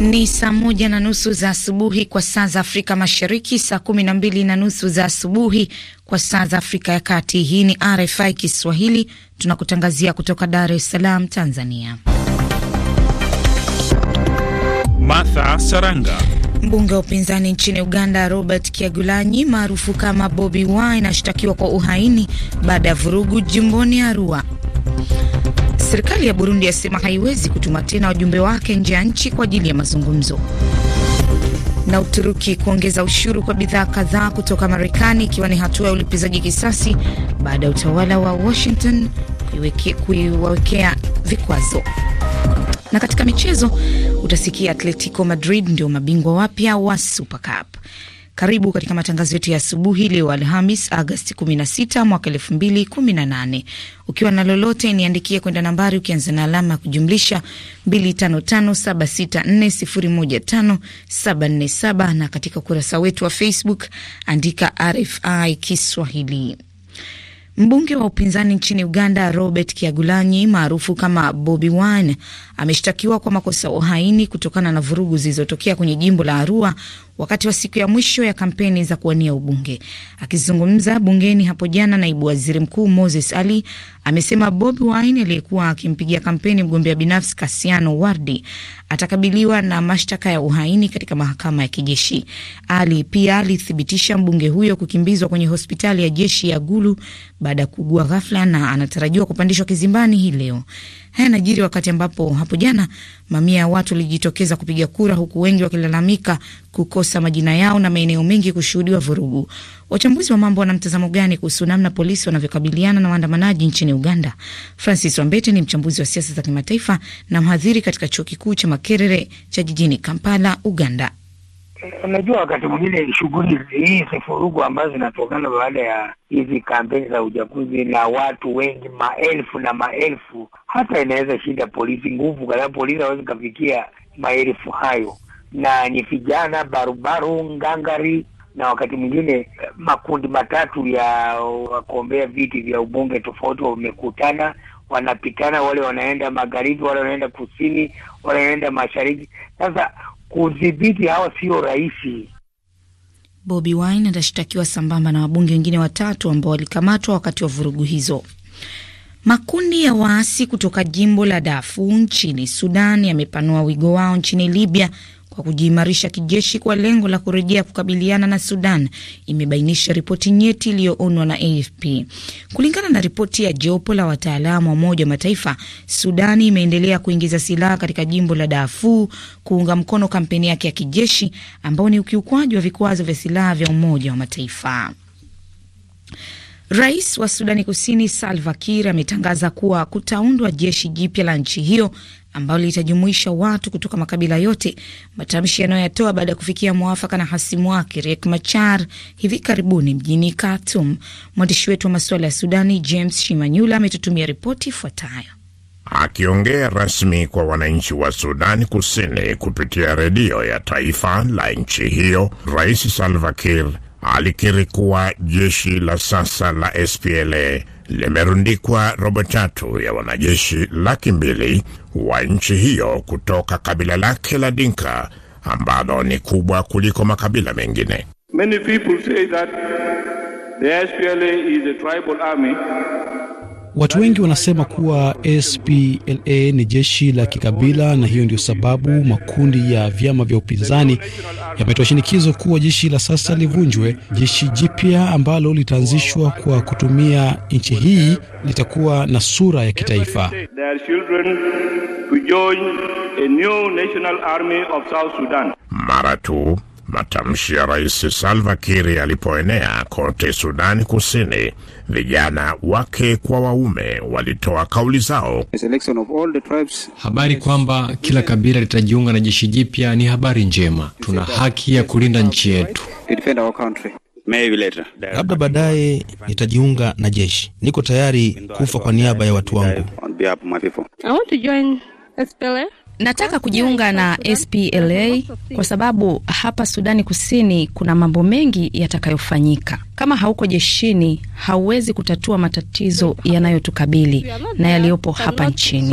Ni saa moja na nusu za asubuhi kwa saa za Afrika Mashariki, saa kumi na mbili na nusu za asubuhi kwa saa za Afrika ya Kati. Hii ni RFI Kiswahili, tunakutangazia kutoka Dar es Salaam, Tanzania. Martha Saranga. Mbunge wa upinzani nchini Uganda Robert Kyagulanyi maarufu kama Bobi Wine ashtakiwa kwa uhaini baada ya vurugu jimboni Arua. Serikali ya Burundi yasema haiwezi kutuma tena wajumbe wake nje ya nchi kwa ajili ya mazungumzo. Na Uturuki kuongeza ushuru kwa bidhaa kadhaa kutoka Marekani ikiwa ni hatua ya ulipizaji kisasi baada ya utawala wa Washington kuiwawekea vikwazo. Na katika michezo utasikia Atletico Madrid ndio mabingwa wapya wa Super Cup. Karibu katika matangazo yetu ya asubuhi leo Alhamis, Agasti 16 mwaka 2018. Ukiwa na lolote, niandikie kwenda nambari ukianza na alama ya kujumlisha 255764015747 na katika ukurasa wetu wa Facebook andika RFI Kiswahili. Mbunge wa upinzani nchini Uganda Robert kiagulanyi maarufu kama Bobi Wine ameshtakiwa kwa makosa uhaini kutokana na vurugu zilizotokea kwenye jimbo la Arua wakati wa siku ya mwisho ya kampeni za kuwania ubunge. Akizungumza bungeni hapo jana, naibu waziri mkuu Moses Ali amesema Bobi Wine aliyekuwa akimpigia kampeni mgombea binafsi Kasiano Wardi atakabiliwa na mashtaka ya uhaini katika mahakama ya kijeshi. Ali pia alithibitisha mbunge huyo kukimbizwa kwenye hospitali ya jeshi ya Gulu baada ya kuugua ghafla na anatarajiwa kupandishwa kizimbani hii leo. Haya najiri wakati ambapo hapo jana mamia ya watu walijitokeza kupiga kura, huku wengi wakilalamika kukosa majina yao na maeneo mengi kushuhudiwa vurugu. Wachambuzi wa mambo wana mtazamo gani kuhusu namna polisi wanavyokabiliana na waandamanaji nchini Uganda? Francis Wambete ni mchambuzi wa siasa za kimataifa na mhadhiri katika chuo kikuu cha Makerere cha jijini Kampala, Uganda. Unajua, wakati mwingine shughuli hizi furugu ambazo zinatokana baada ya hizi kampeni za uchaguzi na watu wengi maelfu na maelfu, hata inaweza shinda polisi nguvu, kwa sababu polisi hawezi kafikia maelfu hayo, na ni vijana barubaru ngangari, na wakati mwingine makundi matatu ya wagombea viti vya ubunge tofauti wamekutana wanapitana, wale wanaenda magharibi, wale wanaenda kusini, wale wanaenda mashariki. Sasa kudhibiti hawa sio rahisi. Bobi Wine atashtakiwa sambamba na wabunge wengine watatu ambao walikamatwa wakati wa vurugu hizo. Makundi ya waasi kutoka jimbo la Darfur nchini Sudan yamepanua wigo wao nchini Libya kwa kujiimarisha kijeshi kwa lengo la kurejea kukabiliana na Sudan, imebainisha ripoti nyeti iliyoonwa na AFP. Kulingana na ripoti ya jopo la wataalamu wa Umoja wa Mataifa, Sudani imeendelea kuingiza silaha katika jimbo la Darfur kuunga mkono kampeni yake ya kijeshi ambao ni ukiukwaji wa vikwazo vya silaha vya Umoja wa Mataifa. Rais wa Sudani Kusini Salva Kiir ametangaza kuwa kutaundwa jeshi jipya la nchi hiyo ambalo litajumuisha watu kutoka makabila yote, matamshi yanayoyatoa baada ya kufikia mwafaka na hasimu wake Riek Machar hivi karibuni mjini Khartoum. Mwandishi wetu wa masuala ya Sudani James Shimanyula ametutumia ripoti ifuatayo. Akiongea rasmi kwa wananchi wa Sudani Kusini kupitia redio ya taifa la nchi hiyo, Rais Salva Kiir alikiri kuwa jeshi la sasa la SPLA limerundikwa robo tatu ya wanajeshi laki mbili wa nchi hiyo kutoka kabila lake la Dinka ambalo ni kubwa kuliko makabila mengine. Many people say that the SPLA is a tribal army Watu wengi wanasema kuwa SPLA ni jeshi la kikabila, na hiyo ndio sababu makundi ya vyama vya upinzani yametoa shinikizo kuwa jeshi la sasa livunjwe. Jeshi jipya ambalo litaanzishwa kwa kutumia nchi hii litakuwa na sura ya kitaifa. Mara tu Matamshi ya Rais Salva Kiir yalipoenea kote Sudani Kusini, vijana wake kwa waume walitoa kauli zao. Habari kwamba kila kabila litajiunga na jeshi jipya ni habari njema. Tuna haki ya kulinda nchi yetu. Labda baadaye nitajiunga na jeshi. Niko tayari kufa kwa niaba ya watu wangu. Nataka kujiunga na SPLA kwa sababu hapa Sudani Kusini kuna mambo mengi yatakayofanyika. Kama hauko jeshini, hauwezi kutatua matatizo yanayotukabili na yaliyopo hapa nchini.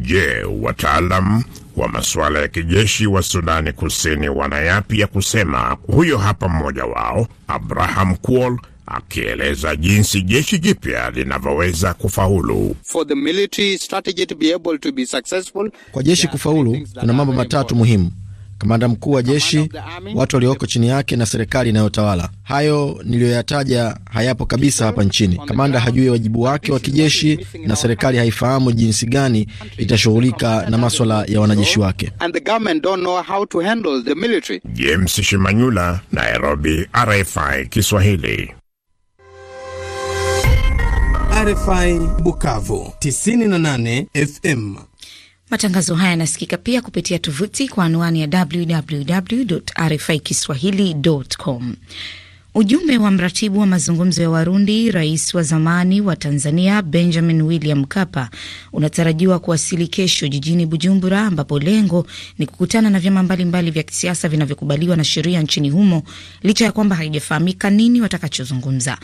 Je, wataalam wa masuala ya kijeshi wa Sudani Kusini wana yapi ya kusema? Huyo hapa mmoja wao, Abraham Kuol akieleza jinsi jeshi jipya linavyoweza kufaulu. For the military strategy to be able to be successful, kwa jeshi kufaulu kuna mambo matatu muhimu: kamanda mkuu wa jeshi, watu walioko chini yake na serikali inayotawala. Hayo niliyoyataja hayapo kabisa hapa nchini. Kamanda hajui wajibu wake wa kijeshi na serikali haifahamu jinsi gani itashughulika na maswala ya wanajeshi wake. James Shimanyula, Nairobi, RFI Kiswahili. RFI Bukavu 98 FM. Matangazo haya yanasikika pia kupitia tovuti kwa anwani ya www.rfikiswahili.com. RFI Ujumbe wa mratibu wa mazungumzo ya Warundi, rais wa zamani wa Tanzania Benjamin William Mkapa unatarajiwa kuwasili kesho jijini Bujumbura, ambapo lengo ni kukutana na vyama mbalimbali vya kisiasa vinavyokubaliwa na sheria nchini humo, licha ya kwamba haijafahamika nini watakachozungumza.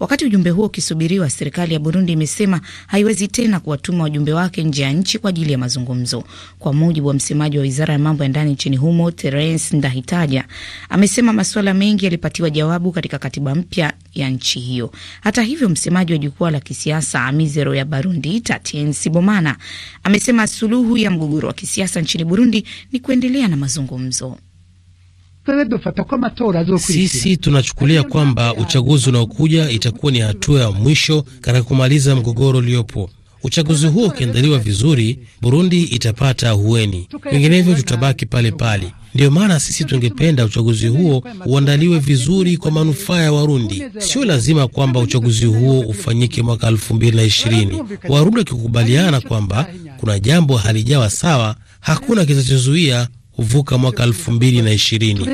Wakati ujumbe huo ukisubiriwa, serikali ya Burundi imesema haiwezi tena kuwatuma wajumbe wake nje ya nchi kwa ajili ya mazungumzo. Kwa mujibu wa msemaji wa wizara ya mambo ya ndani nchini humo, Terence Ndahitaja amesema masuala mengi yalipatiwa jawabu katika katiba mpya ya nchi hiyo. Hata hivyo, msemaji wa jukwaa la kisiasa Amizero ya Barundi, Tatien Sibomana amesema suluhu ya mgogoro wa kisiasa nchini Burundi ni kuendelea na mazungumzo. Sisi tunachukulia kwamba uchaguzi unaokuja itakuwa ni hatua ya mwisho katika kumaliza mgogoro uliopo. Uchaguzi huo ukiandaliwa vizuri, Burundi itapata ahueni, vinginevyo tutabaki pale pale. Ndiyo maana sisi tungependa uchaguzi huo uandaliwe vizuri kwa manufaa ya Warundi. Sio lazima kwamba uchaguzi huo ufanyike mwaka elfu mbili na ishirini. Warundi wakikubaliana kwamba kuna jambo halijawa sawa, hakuna kitachozuia kuvuka mwaka elfu mbili na ishirini.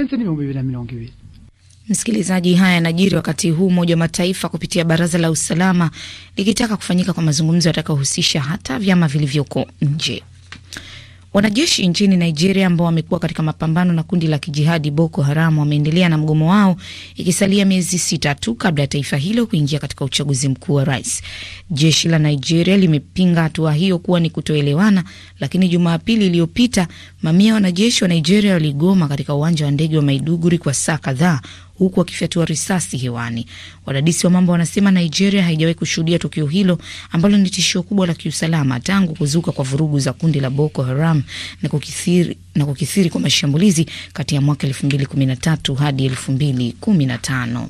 Msikilizaji, haya yanajiri wakati huu Umoja wa Mataifa kupitia Baraza la Usalama likitaka kufanyika kwa mazungumzo yatakayohusisha hata vyama vilivyoko nje. Wanajeshi nchini Nigeria ambao wamekuwa katika mapambano na kundi la kijihadi Boko Haram wameendelea na mgomo wao, ikisalia miezi sita tu kabla ya taifa hilo kuingia katika uchaguzi mkuu wa rais. Jeshi la Nigeria limepinga hatua hiyo kuwa ni kutoelewana, lakini Jumapili iliyopita mamia wanajeshi wa Nigeria waligoma katika uwanja wa ndege wa Maiduguri kwa saa kadhaa huku wakifyatua risasi hewani. Wadadisi wa mambo wanasema Nigeria haijawahi kushuhudia tukio hilo ambalo ni tishio kubwa la kiusalama tangu kuzuka kwa vurugu za kundi la Boko Haram na kukithiri, na kukithiri kwa mashambulizi kati ya mwaka 2013 hadi 2015.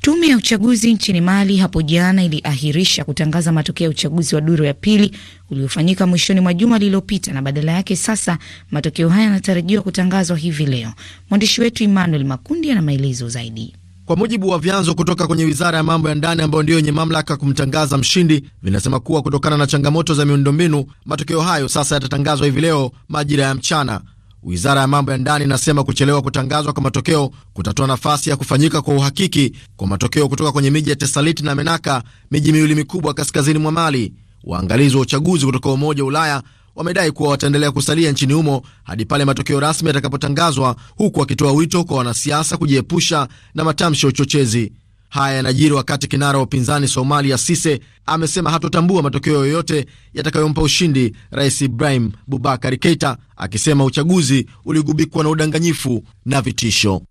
Tume ya uchaguzi nchini Mali hapo jana iliahirisha kutangaza matokeo ya uchaguzi wa duru ya pili uliofanyika mwishoni mwa juma lililopita, na badala yake sasa matokeo haya yanatarajiwa kutangazwa hivi leo. Mwandishi wetu Emmanuel Makundi ana maelezo zaidi. Kwa mujibu wa vyanzo kutoka kwenye wizara ya mambo ya ndani ambayo ndiyo yenye mamlaka kumtangaza mshindi, vinasema kuwa kutokana na changamoto za miundombinu, matokeo hayo sasa yatatangazwa hivi leo majira ya mchana. Wizara ya mambo ya ndani inasema kuchelewa kutangazwa kwa matokeo kutatoa nafasi ya kufanyika kwa uhakiki kwa matokeo kutoka kwenye miji ya Tesaliti na Menaka, miji miwili mikubwa kaskazini mwa Mali. Waangalizi wa uchaguzi kutoka Umoja wa Ulaya wamedai kuwa wataendelea kusalia nchini humo hadi pale matokeo rasmi yatakapotangazwa, huku wakitoa wito kwa wanasiasa kujiepusha na matamshi ya uchochezi. Haya yanajiri wakati kinara wa upinzani Somalia Sise amesema hatotambua matokeo yoyote yatakayompa ushindi Rais Ibrahim Bubakar Keita, akisema uchaguzi uligubikwa na udanganyifu na vitisho.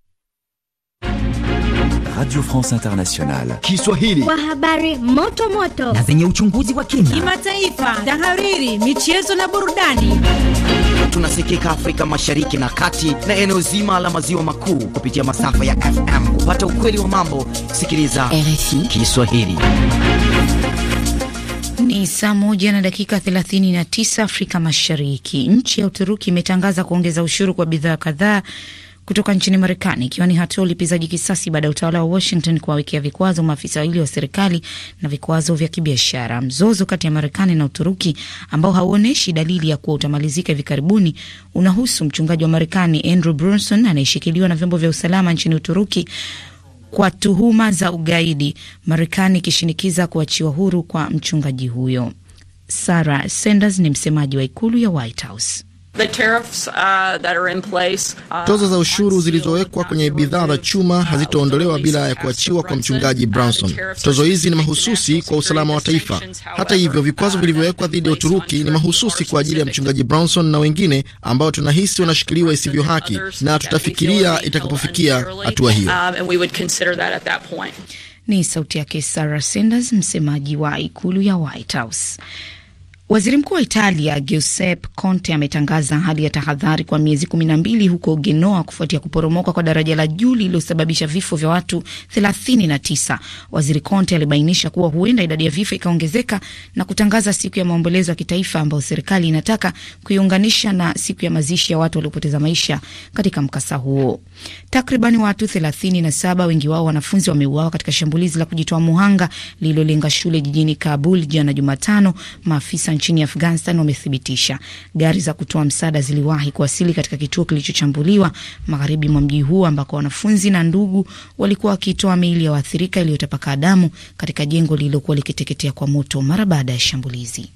Radio France Internationale Kiswahili, kwa habari moto moto na zenye uchunguzi wa kina, kimataifa, tahariri, michezo na burudani tunasikika Afrika Mashariki na Kati na eneo zima la maziwa makuu kupitia masafa ya FM. Kupata ukweli wa mambo, sikiliza RFI Kiswahili. Ni saa moja na dakika 39 Afrika Mashariki. Nchi ya Uturuki imetangaza kuongeza ushuru kwa bidhaa kadhaa kutoka nchini Marekani, ikiwa ni hatua ulipizaji kisasi baada ya utawala wa Washington kuwawekea vikwazo maafisa wawili wa serikali na vikwazo vya kibiashara. Mzozo kati ya Marekani na Uturuki ambao hauonyeshi dalili ya kuwa utamalizika hivi karibuni unahusu mchungaji wa Marekani Andrew Brunson anayeshikiliwa na vyombo vya usalama nchini Uturuki kwa tuhuma za ugaidi, Marekani ikishinikiza kuachiwa huru kwa mchungaji huyo. Sarah Sanders ni msemaji wa ikulu ya White House. Uh, uh, Tozo za ushuru zilizowekwa kwenye bidhaa za chuma uh, hazitaondolewa bila ya kuachiwa kwa mchungaji Branson. Tozo hizi ni mahususi kwa usalama wa taifa. Hata hivyo, vikwazo vilivyowekwa dhidi ya Uturuki ni mahususi kwa ajili ya mchungaji Branson na wengine ambao tunahisi wanashikiliwa isivyo haki, na tutafikiria itakapofikia hatua hiyo. Um, ni sauti yake Sarah Sanders, msemaji wa ikulu ya White House. Waziri mkuu wa Italia Giuseppe Conte ametangaza hali ya tahadhari kwa miezi kumi na mbili huko Genoa kufuatia kuporomoka kwa daraja la juu lililosababisha vifo vya watu tisa. Waziri Conte alibainisha kuwa huenda idadi ya vifo ikaongezeka na kutangaza siku ya maombolezo ya kitaifa ambayo serikali inataka kuiunganisha na siku ya mazishi ya watu waliopoteza maisha katika mkasa huo. Takriban watu saba, wengi wao wanafunzi, wameuawa katika shambulizi la kujitoa muhanga lililolenga shule jijini Kabul jana Jumatano, maafisa nchini Afghanistan wamethibitisha gari za kutoa msaada ziliwahi kuwasili katika kituo kilichochambuliwa magharibi mwa mji huo ambako wanafunzi na ndugu walikuwa wakitoa miili ya waathirika iliyotapakaa damu katika jengo lililokuwa likiteketea kwa moto mara baada ya shambulizi.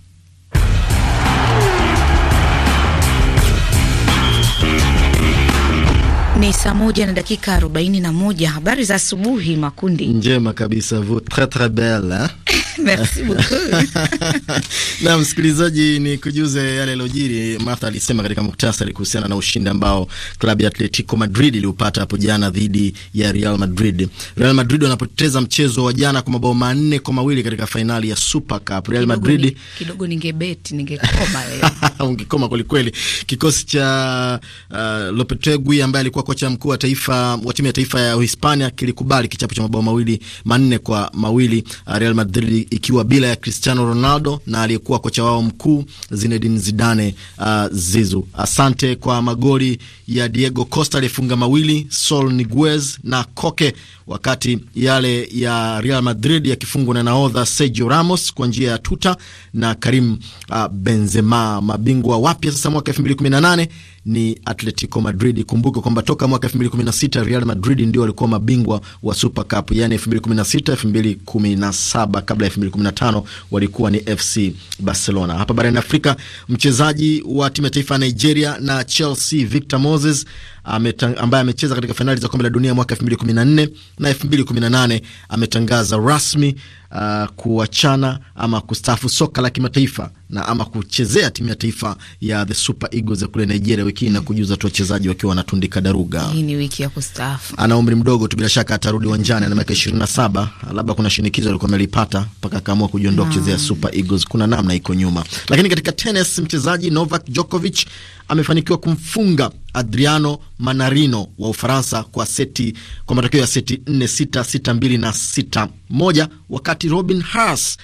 Ni saa moja na dakika arobaini na moja. Habari za asubuhi, Makundi. Njema kabisa, vous très très belle Merci beaucoup na msikilizaji, ni kujuze yale yalojiri. Martha alisema katika muktasari kuhusiana na ushindi ambao klabu ya Atletico Madrid iliupata hapo jana dhidi ya Real Madrid. Real Madrid wanapoteza mchezo wa jana kwa mabao manne kwa mawili katika fainali ya Super Cup. Real Madrid kidogo ningebeti ningekoma ungekoma kwelikweli. Kikosi cha uh, Lopetegui ambaye alikuwa kocha mkuu wa taifa wa timu ya taifa ya Uhispania kilikubali kichapo cha mabao mawili manne kwa mawili uh, Real Madrid ikiwa bila ya Cristiano Ronaldo na aliyekuwa kocha wao mkuu Zinedine Zidane uh, Zizu. Asante kwa magoli ya Diego Costa aliyefunga mawili, Sol Niguez na Koke wakati yale ya Real Madrid yakifungwa na nahodha Sergio Ramos kwa njia ya tuta na Karim uh, Benzema. Mabingwa wapya sasa mwaka 2018 ni Atletico Madrid. Kumbuke kwamba toka mwaka 2016 Real Madrid ndio walikuwa mabingwa wa Super Cup, yani 2016 2017. Kabla ya 2015 walikuwa ni FC Barcelona. Hapa barani Afrika, mchezaji wa timu ya taifa ya Nigeria na Chelsea Victor Moses ambaye amecheza katika fainali za kombe la dunia mwaka 2014 na 2018, ametangaza rasmi uh, kuachana ama kustaafu soka la kimataifa na ama kuchezea timu ya taifa ya the Super Eagles ya kule Nigeria wiki hii na kujuza tu wachezaji wakiwa wanatundika daruga. Hii ni wiki ya kustaafu. Ana umri mdogo tu, bila shaka atarudi uwanjani, ana miaka 27, labda kuna shinikizo alikuwa amelipata mpaka akaamua kujiondoa kuchezea mm. Super Eagles. Kuna namna iko nyuma. Lakini katika tennis mchezaji Novak Djokovic amefanikiwa kumfunga Adriano Manarino wa Ufaransa kwa seti kwa matokeo ya seti 4 6 6 2 na 6 1, wakati Robin Haas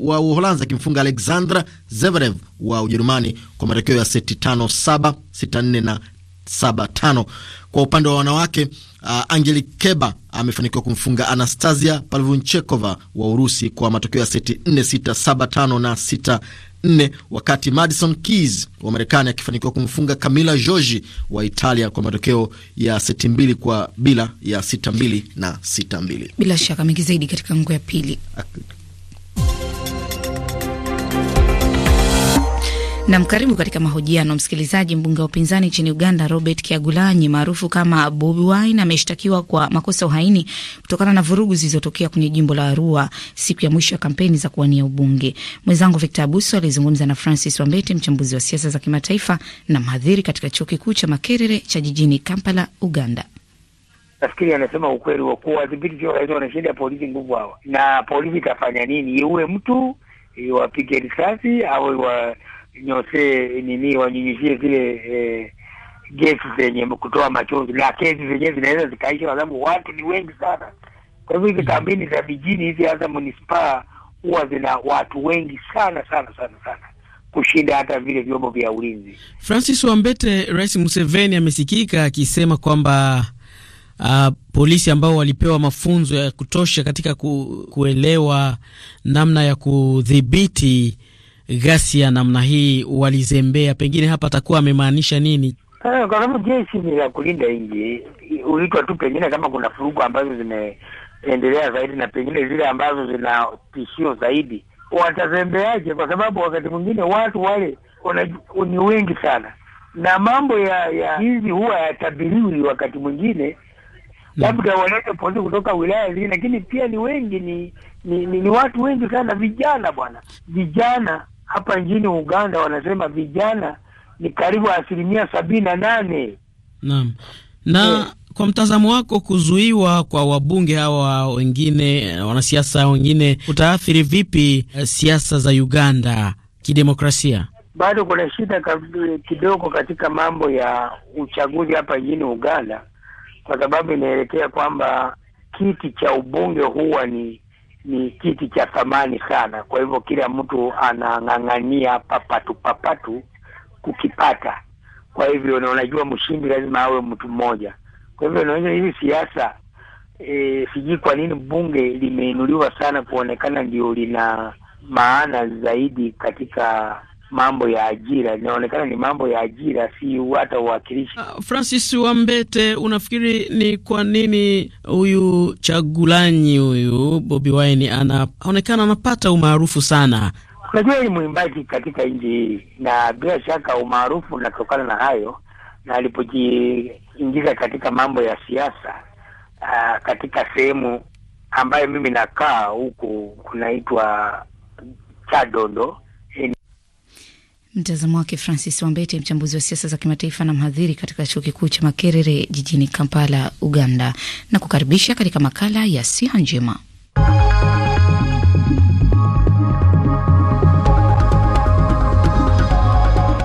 wa Uholanzi akimfunga Alexandra Zverev wa Ujerumani kwa matokeo ya seti 5 7 6 4 na 7 5. Kwa upande wa wanawake uh, Angeli Keba amefanikiwa kumfunga Anastasia palvunchekova wa Urusi kwa matokeo ya seti 4 6 7 5 na 6 4, wakati Madison Keys wa Marekani akifanikiwa kumfunga Camila Giorgi wa Italia kwa matokeo ya seti mbili kwa bila ya 6 2 na 6 2. Bila shaka mingi zaidi katika nguo ya pili. Nam, karibu katika mahojiano msikilizaji. Mbunge wa upinzani nchini Uganda Robert Kyagulanyi maarufu kama Bobi Wine ameshtakiwa kwa makosa ya uhaini kutokana na vurugu zilizotokea kwenye jimbo la Arua siku ya mwisho ya kampeni za kuwania ubunge. Mwenzangu Victor Abuso alizungumza na Francis Wambete, mchambuzi wa siasa za kimataifa na mhadhiri katika chuo kikuu cha Makerere cha jijini Kampala, Uganda. Nafikiri anasema ukweli wa kuwa wadhibiti sio rahisi, wanashinda polisi nguvu hawa, na polisi itafanya nini? Iue mtu, iwapige risasi au iwa nyose nini wanyunyizie vile eh, gesi zenye kutoa machozi, na kesi zenyewe zinaweza zikaisha, kwa sababu watu ni wengi sana. Kwa hivyo hizi mm. kampeni za vijini hizi, hasa manispaa, huwa zina watu wengi sana sana sana sana kushinda hata vile vyombo vya ulinzi. Francis Wambete, Rais Museveni amesikika akisema kwamba Uh, polisi ambao walipewa mafunzo ya kutosha katika ku, kuelewa namna ya kudhibiti ghasia namna hii walizembea, pengine hapa atakuwa amemaanisha nini? Eh, kwa sababu jeshi ni la kulinda nchi, huitwa tu pengine kama kuna furugu ambazo zimeendelea zaidi na pengine zile ambazo zina tishio zaidi, watazembeaje Kwa sababu wakati mwingine watu wale ni wengi sana, na mambo ya ya hizi huwa yatabiriwi wakati mwingine hmm. labda walete polisi kutoka wilaya zingine, lakini pia ni wengi, ni ni, ni ni watu wengi sana, vijana bwana, vijana hapa nchini Uganda wanasema vijana ni karibu asilimia sabini na nane. Naam, na eh. kwa mtazamo wako kuzuiwa kwa wabunge hawa wengine, wanasiasa wengine, utaathiri vipi uh, siasa za Uganda kidemokrasia? Bado kuna shida kidogo katika mambo ya uchaguzi hapa nchini Uganda, kwa sababu inaelekea kwamba kiti cha ubunge huwa ni ni kiti cha thamani sana. Kwa hivyo kila mtu anang'ang'ania papatu papatu kukipata. Kwa hivyo na unajua, mshindi lazima awe mtu mmoja. Kwa hivyo naona hizi siasa e, sijui kwa nini bunge limeinuliwa sana kuonekana ndio lina maana zaidi katika mambo ya ajira, inaonekana ni mambo ya ajira, si hata uwakilishi. Ah, Francis Wambete, unafikiri ni kwa nini huyu chagulanyi huyu Bobi Wine anaonekana anapata umaarufu sana? Unajua ni mwimbaji katika nchi hii, na bila shaka umaarufu unatokana na hayo, na alipojiingiza katika mambo ya siasa uh, katika sehemu ambayo mimi nakaa huku kunaitwa Chadondo Mtazamo wake Francis Wambete, mchambuzi wa siasa za kimataifa na mhadhiri katika chuo kikuu cha Makerere jijini Kampala, Uganda, na kukaribisha katika makala ya siha njema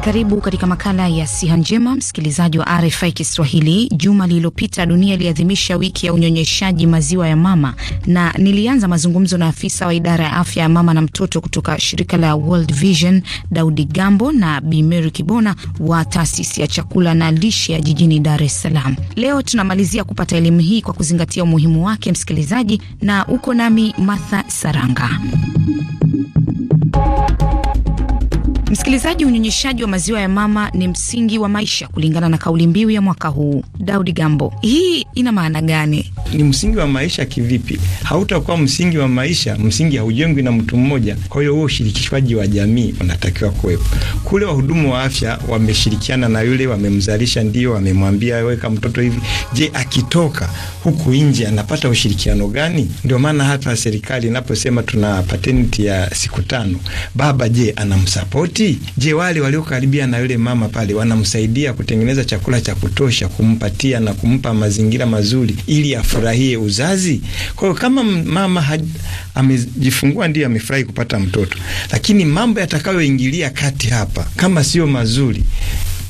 Karibu katika makala ya siha njema, msikilizaji wa RFI Kiswahili. Juma lililopita dunia iliadhimisha wiki ya unyonyeshaji maziwa ya mama, na nilianza mazungumzo na afisa wa idara ya afya ya mama na mtoto kutoka shirika la World Vision, Daudi Gambo na Bi Mary Kibona wa taasisi ya chakula na lishe ya jijini Dar es Salaam. Leo tunamalizia kupata elimu hii kwa kuzingatia umuhimu wake, msikilizaji, na uko nami Martha Saranga. Msikilizaji, unyonyeshaji wa maziwa ya mama ni msingi wa maisha kulingana na kauli mbiu ya mwaka huu. Daudi Gambo, hii ina maana gani? Ni msingi wa maisha kivipi? Hautakuwa msingi wa maisha, msingi haujengwi na mtu mmoja. Kwa hiyo huo ushirikishwaji wa jamii unatakiwa kuwepo. Kule wahudumu wa afya wameshirikiana na yule, wamemzalisha, ndio wamemwambia weka mtoto hivi. Je, akitoka huku nje anapata ushirikiano gani? Ndio maana hata serikali inaposema tuna patenti ya siku tano, baba je, anamsapoti binti, Je, wale waliokaribia na yule mama pale wanamsaidia kutengeneza chakula cha kutosha kumpatia na kumpa mazingira mazuri ili afurahie uzazi? Kwa hiyo kama mama amejifungua ndiyo amefurahi kupata mtoto, lakini mambo yatakayoingilia kati hapa kama sio mazuri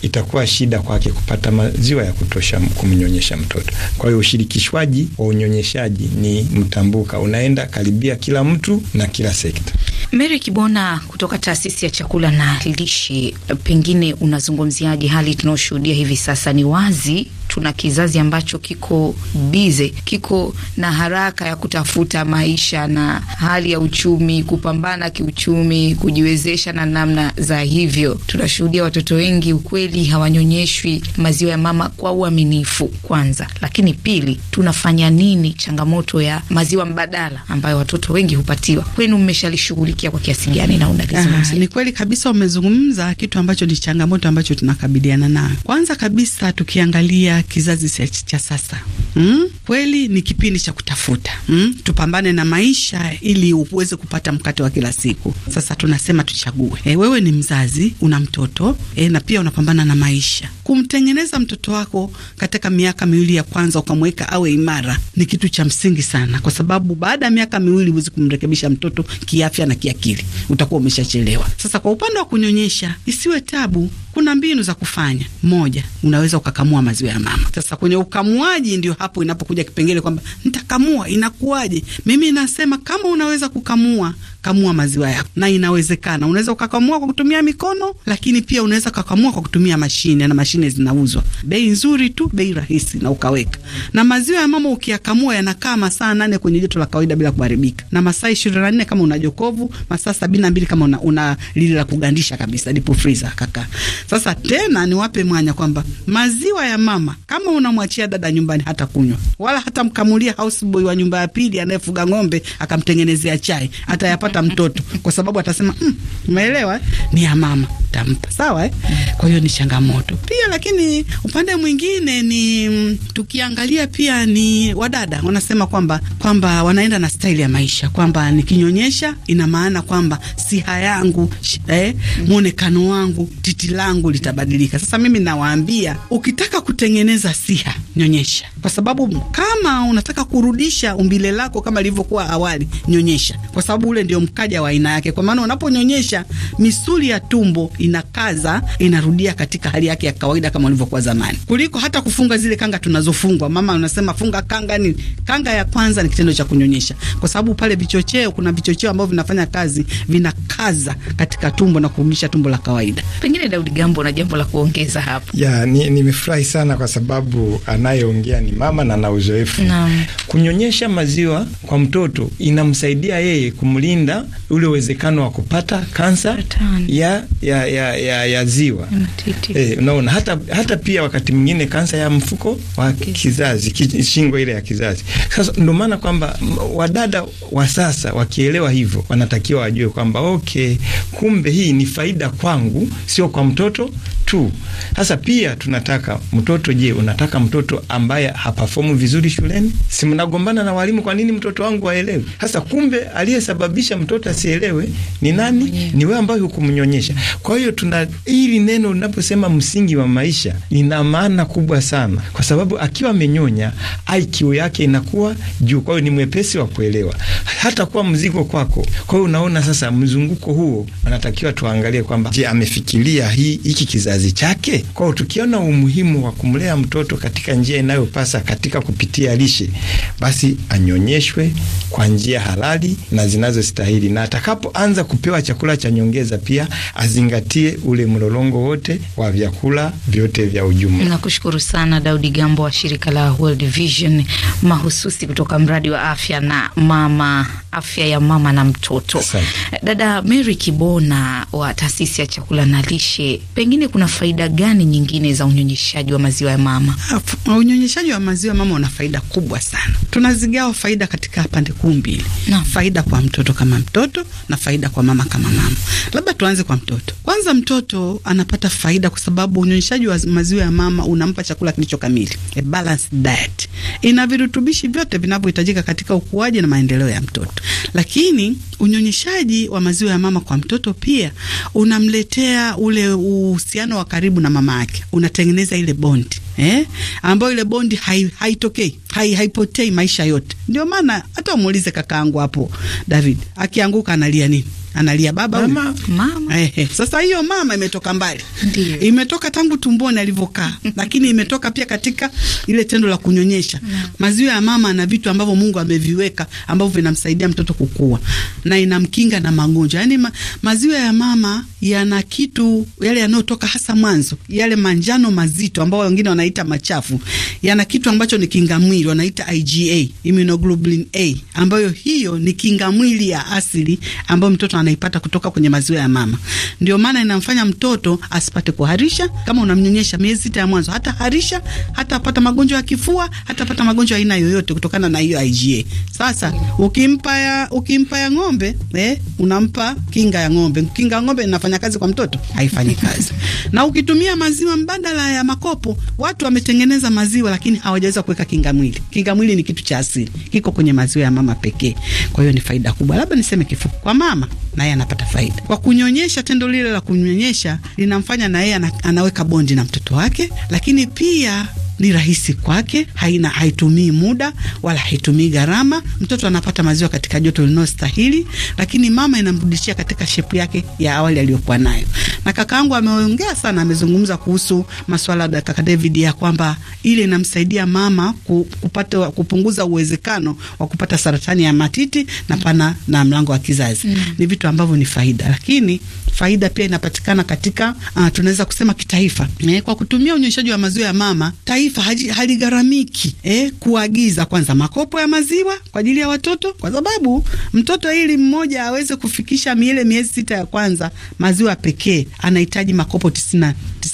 itakuwa shida kwake kupata maziwa ya kutosha kumnyonyesha mtoto. Kwa hiyo ushirikishwaji wa unyonyeshaji ni mtambuka, unaenda karibia kila mtu na kila sekta. Mary Kibona kutoka taasisi ya chakula na lishe, pengine unazungumziaje hali tunaoshuhudia hivi sasa? Ni wazi tuna kizazi ambacho kiko bize, kiko na haraka ya kutafuta maisha na hali ya uchumi, kupambana kiuchumi, kujiwezesha na namna za hivyo. Tunashuhudia watoto wengi ukweli hawanyonyeshwi maziwa ya mama kwa uaminifu kwanza, lakini pili, tunafanya nini changamoto ya maziwa mbadala ambayo watoto wengi hupatiwa? Kwenu mmeshalishughulikia kwa kiasi gani na unalizungumzia? Ah, ni kweli kabisa, umezungumza kitu ambacho ni changamoto ambacho tunakabiliana nayo. Kwanza kabisa tukiangalia kizazi cha sasa mm? Kweli ni kipindi cha kutafuta mm? Tupambane na maisha ili uweze kupata mkate wa kila siku. Sasa tunasema tuchague. E, wewe ni mzazi, una mtoto e, na pia unapambana na maisha. Kumtengeneza mtoto wako katika miaka miwili ya kwanza ukamweka awe imara ni kitu cha msingi sana, kwa sababu baada ya miaka miwili huwezi kumrekebisha mtoto kiafya na kiakili, utakuwa umeshachelewa. Sasa kwa upande wa kunyonyesha, isiwe tabu, kuna mbinu za kufanya. Moja, unaweza ukakamua maziwa ya mama mama. Sasa kwenye ukamuaji ndio hapo inapokuja kipengele kwamba nitakamua, inakuwaje? Mimi nasema kama unaweza kukamua kamua maziwa yako, na inawezekana. Unaweza ukakamua kwa kutumia mikono, lakini pia unaweza ukakamua kwa kutumia mashine, na mashine zinauzwa bei nzuri tu, bei rahisi, na ukaweka. Na maziwa ya mama ukiyakamua yanakaa masaa nane kwenye joto la kawaida bila kuharibika, na masaa ishirini na nne kama una jokovu, masaa sabini na mbili kama una, una lile la kugandisha kabisa, deep freezer kaka. Sasa tena niwape mwanya kwamba maziwa ya mama kama unamwachia dada nyumbani, hata kunywa wala hata mkamulia houseboy wa nyumba ya pili anayefuga ng'ombe akamtengenezea chai atayapata kupata mtoto, kwa sababu atasema mm, umeelewa, ni ya mama tampa, sawa eh? Kwa hiyo ni changamoto pia, lakini upande mwingine ni mm, tukiangalia pia ni wadada wanasema kwamba kwamba wanaenda na staili ya maisha kwamba nikinyonyesha ina maana kwamba siha yangu eh, mwonekano wangu titi langu litabadilika. Sasa mimi nawaambia ukitaka kutengeneza siha, nyonyesha, kwa sababu kama unataka kurudisha umbile lako kama lilivyokuwa awali, nyonyesha, kwa sababu ule ndio mkaja wa aina yake, kwa maana unaponyonyesha misuli ya tumbo inakaza, inarudia katika hali yake ya kawaida kama ulivyokuwa zamani, kuliko hata kufunga zile kanga tunazofungwa. Mama unasema funga kanga ni kanga ya kwanza ni kitendo cha kunyonyesha, kwa sababu pale vichocheo, kuna vichocheo ambavyo vinafanya kazi, vinakaza katika tumbo na kurudisha tumbo la kawaida. Pengine Daudi Gambo na jambo la kuongeza hapo. Ya, nimefurahi ni sana kwa sababu anayeongea ni mama na ana uzoefu. Kunyonyesha maziwa kwa mtoto inamsaidia yeye kumlinda ina ule uwezekano wa kupata kansa ya, ya, ya, ya, ya ziwa e, unaona hata, hata pia wakati mwingine kansa ya mfuko wa kizazi shingo ile ya kizazi. Sasa ndio maana kwamba wadada wa sasa wakielewa hivyo, wanatakiwa wajue kwamba okay, kumbe hii ni faida kwangu, sio kwa mtoto tu. Sasa pia tunataka mtoto, je, unataka mtoto ambaye hapafomu vizuri shuleni? Si mnagombana na walimu, kwa nini mtoto wangu aelewe? Sasa kumbe aliyesababisha mtoto asielewe ni nani yeah. Ni wewe ambaye hukumnyonyesha. Kwa hiyo tuna hili neno linaposema msingi wa maisha ina maana kubwa sana, kwa sababu akiwa amenyonya IQ yake inakuwa juu, kwa hiyo ni mwepesi wa kuelewa, hata kuwa mzigo kwako. Kwa hiyo unaona sasa mzunguko huo, anatakiwa tuangalie kwamba je, amefikiria hii hiki kizazi chake. Kwa hiyo tukiona umuhimu wa kumlea mtoto katika njia inayopasa katika kupitia lishe, basi anyonyeshwe kwa njia halali na zinazostahili inayostahili, na atakapoanza kupewa chakula cha nyongeza pia azingatie ule mlolongo wote wa vyakula vyote vya ujumla. Nakushukuru sana Daudi Gambo wa shirika la World Vision mahususi kutoka mradi wa afya na mama afya ya mama na mtoto. Dada Mary Kibona wa taasisi ya chakula na lishe, pengine kuna faida gani nyingine za unyonyeshaji wa maziwa ya mama? unyonyeshaji wa maziwa ya mama una faida kubwa sana. Tunazigawa faida katika pande kuu mbili, faida kwa mtoto kama mtoto na faida kwa mama kama mama. Labda tuanze kwa mtoto kwanza. Mtoto anapata faida kwa sababu unyonyeshaji wa maziwa ya mama unampa chakula kilicho kamili, a balanced diet, ina virutubishi vyote vinavyohitajika katika ukuaji na maendeleo ya mtoto. Lakini unyonyeshaji wa maziwa ya mama kwa mtoto pia unamletea ule uhusiano wa karibu na mama yake, unatengeneza ile bondi eh, ambayo ile bondi haitokei hai hai, haipotei maisha yote. Ndio maana hata umuulize kakaangu hapo David, akianguka analia nini? analia baba mama, mama. Ehe. Sasa hiyo mama imetoka mbali, ndiyo imetoka tangu tumboni alivyokaa, lakini imetoka pia katika ile tendo la kunyonyesha na. Maziwa ya mama na vitu ambavyo Mungu ameviweka ambavyo vinamsaidia mtoto kukua na inamkinga na magonjwa. Yani ma, maziwa ya mama yana kitu yale yanayotoka hasa mwanzo, yale manjano mazito ambao wengine wanaita machafu, yana kitu ambacho ni kinga mwili wanaita IgA, immunoglobulin A, ambayo hiyo ni kinga mwili ya asili ambayo mtoto anaipata kutoka kwenye maziwa ya mama. Ndio maana inamfanya mtoto asipate kuharisha kama unamnyonyesha miezi sita ya mwanzo, hata harisha, hata apata magonjwa ya kifua, hata apata magonjwa aina yoyote kutokana na hiyo IgA. Sasa ukimpa ya, ukimpa ya ng'ombe eh, unampa kinga ya ng'ombe. Kinga ya ng'ombe inafanya kazi kwa mtoto? Haifanyi kazi. na ukitumia maziwa mbadala ya makopo, watu wametengeneza maziwa lakini hawajaweza kuweka kinga mwili. Kinga mwili ni kitu cha asili, kiko kwenye maziwa ya mama pekee. Kwa hiyo ni faida kubwa. Labda niseme kifupi kwa mama naye anapata faida kwa kunyonyesha. Tendo lile la kunyonyesha linamfanya na yeye anaweka bondi na mtoto wake, lakini pia ni rahisi kwake, haina haitumii muda wala haitumii gharama. Mtoto anapata maziwa katika joto linalostahili, lakini mama inamrudishia katika shepu yake ya awali aliyokuwa nayo. Na kaka yangu ameongea sana, amezungumza kuhusu masuala ya kaka David ya kwamba ile inamsaidia mama kupata kupunguza uwezekano wa kupata saratani ya matiti na pana na mlango wa kizazi. Mm. Ni vitu ambavyo ni faida, lakini faida pia inapatikana katika uh, tunaweza kusema kitaifa, eh, kwa kutumia unyonyeshaji wa maziwa ya mama taifa taifa haligharamiki eh, kuagiza kwanza makopo ya maziwa kwa ajili ya watoto, kwa sababu mtoto ili mmoja aweze kufikisha miele miezi sita ya kwanza maziwa pekee anahitaji makopo tisini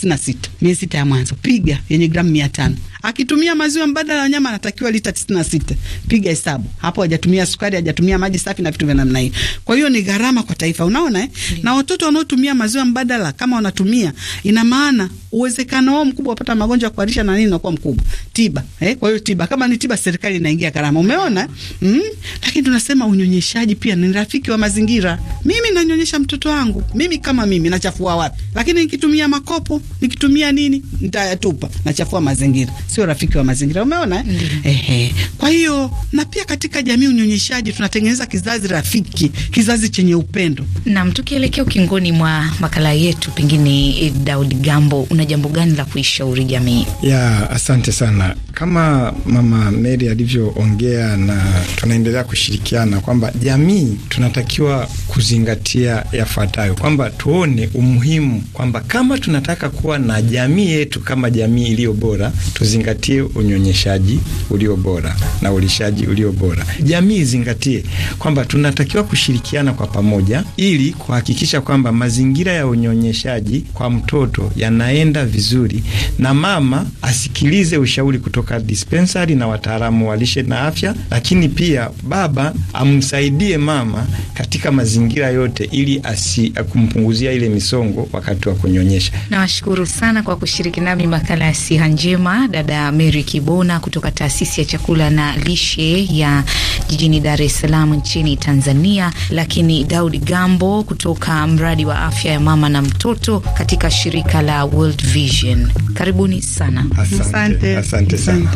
na sita miezi sita ya mwanzo, piga yenye gramu mia tano Akitumia maziwa mbadala ya nyama anatakiwa lita 96. Piga hesabu hapo, hajatumia sukari, hajatumia maji safi na vitu vya namna hiyo. Kwa hiyo ni gharama kwa taifa, unaona eh? Na watoto wanaotumia maziwa mbadala kama wanatumia, ina maana uwezekano wao mkubwa wapata magonjwa kwa lisha na nini unakuwa mkubwa. Tiba eh, kwa hiyo tiba kama ni tiba, serikali inaingia gharama, umeona mm? Lakini tunasema unyonyeshaji pia ni rafiki wa mazingira. Mimi nanyonyesha mtoto wangu, mimi kama mimi nachafua wapi? Lakini nikitumia makopo, nikitumia nini, nitayatupa, nachafua mazingira sio rafiki wa mazingira, umeona mm -hmm. Ehe, kwa hiyo na pia katika jamii unyonyeshaji tunatengeneza kizazi rafiki, kizazi chenye upendo. Naam, tukielekea ukingoni mwa makala yetu, pengine eh, Daud Gambo, una jambo gani la kuishauri jamii? Ya, asante sana kama mama Mary alivyoongea, na tunaendelea kushirikiana kwamba jamii tunatakiwa kuzingatia yafuatayo, kwamba tuone umuhimu kwamba kama tunataka kuwa na jamii yetu kama jamii iliyo bora tuzi zingatie unyonyeshaji ulio bora na ulishaji ulio bora. Jamii izingatie kwamba tunatakiwa kushirikiana kwa pamoja ili kuhakikisha kwamba mazingira ya unyonyeshaji kwa mtoto yanaenda vizuri, na mama asikilize ushauri kutoka dispensari na wataalamu wa lishe na afya, lakini pia baba amsaidie mama katika mazingira yote ili asi, kumpunguzia ile misongo wakati wa kunyonyesha. Nawashukuru sana kwa kushiriki nami makala ya siha njema dada dada Mary Kibona kutoka taasisi ya chakula na lishe ya jijini Dar es Salaam nchini Tanzania, lakini Daudi Gambo kutoka mradi wa afya ya mama na mtoto katika shirika la World Vision. Karibuni sana. Asante, asante, sana.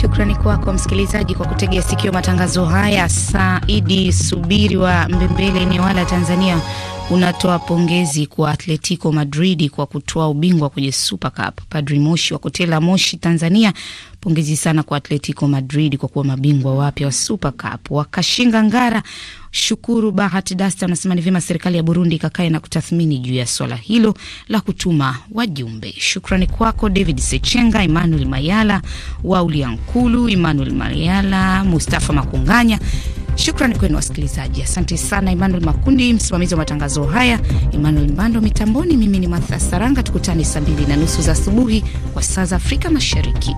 Shukrani kwako msikilizaji kwa kutegea sikio matangazo haya. Saidi Subiri wa Mbembele, Newala, Tanzania unatoa pongezi kwa Atletico Madrid kwa kutoa ubingwa kwenye Super Cup. Padri Moshi wa Kotela Moshi, Tanzania, pongezi sana kwa Atletico Madrid kwa kuwa mabingwa wapya wa Super Cup. Wakashinga Ngara Shukuru bahat Dasta anasema ni vyema serikali ya Burundi ikakae na kutathmini juu ya swala hilo la kutuma wajumbe. Shukrani kwako David Sechenga, Emmanuel Mayala wa Uliankulu, Emmanuel Mayala, Mustafa Makunganya Shukrani kwenu wasikilizaji, asante sana. Emmanuel Makundi, msimamizi wa matangazo haya, Emmanuel Mbando mitamboni, mimi ni Martha Saranga. Tukutane saa mbili na nusu za asubuhi kwa saa za Afrika Mashariki.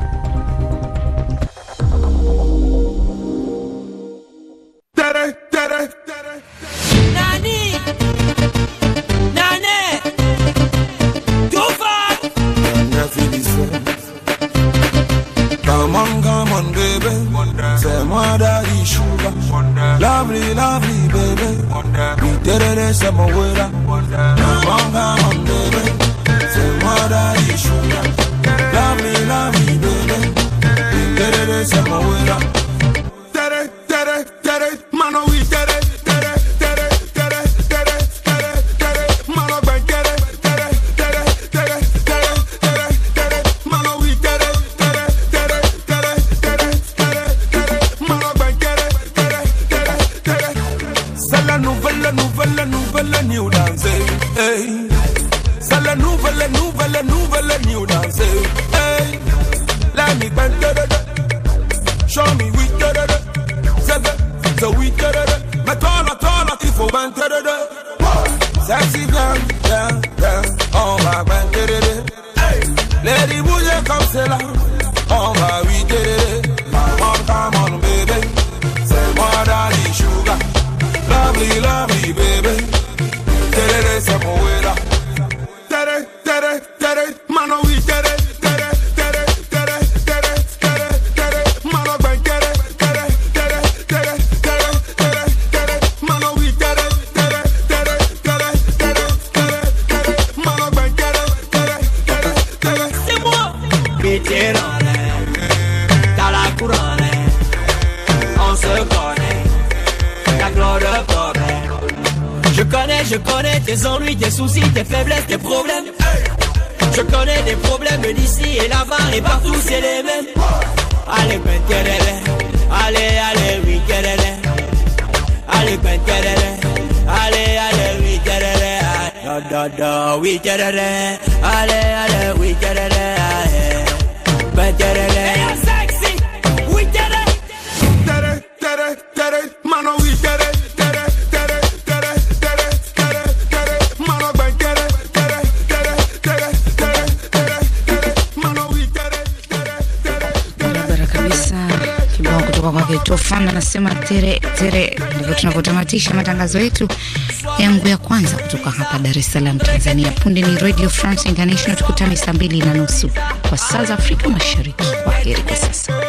show me we oh, did it. Zeze, so oh, we did it. Me turn, a turn, I tifo ben did it. Sexy girl, girl, girl, on va ben did it. Lady Bouye comme c'est là, on va oui did it. connais des problèmes d'ici et là-bas et partout c'est les mêmes. Allez, ben, allez, allez, oui, Allez, ben, allez, allez, oui, Da, da, oui, Allez, allez, oui, allez, Ben, yetu. anasema tere tere. Ndivyo tunavyotamatisha matangazo yetu yangu ya kwanza kutoka hapa Dar es Salaam, Tanzania. Punde ni Radio France International, tukutane saa mbili na nusu kwa saa za Afrika Mashariki. Kwa heri kwa sasa.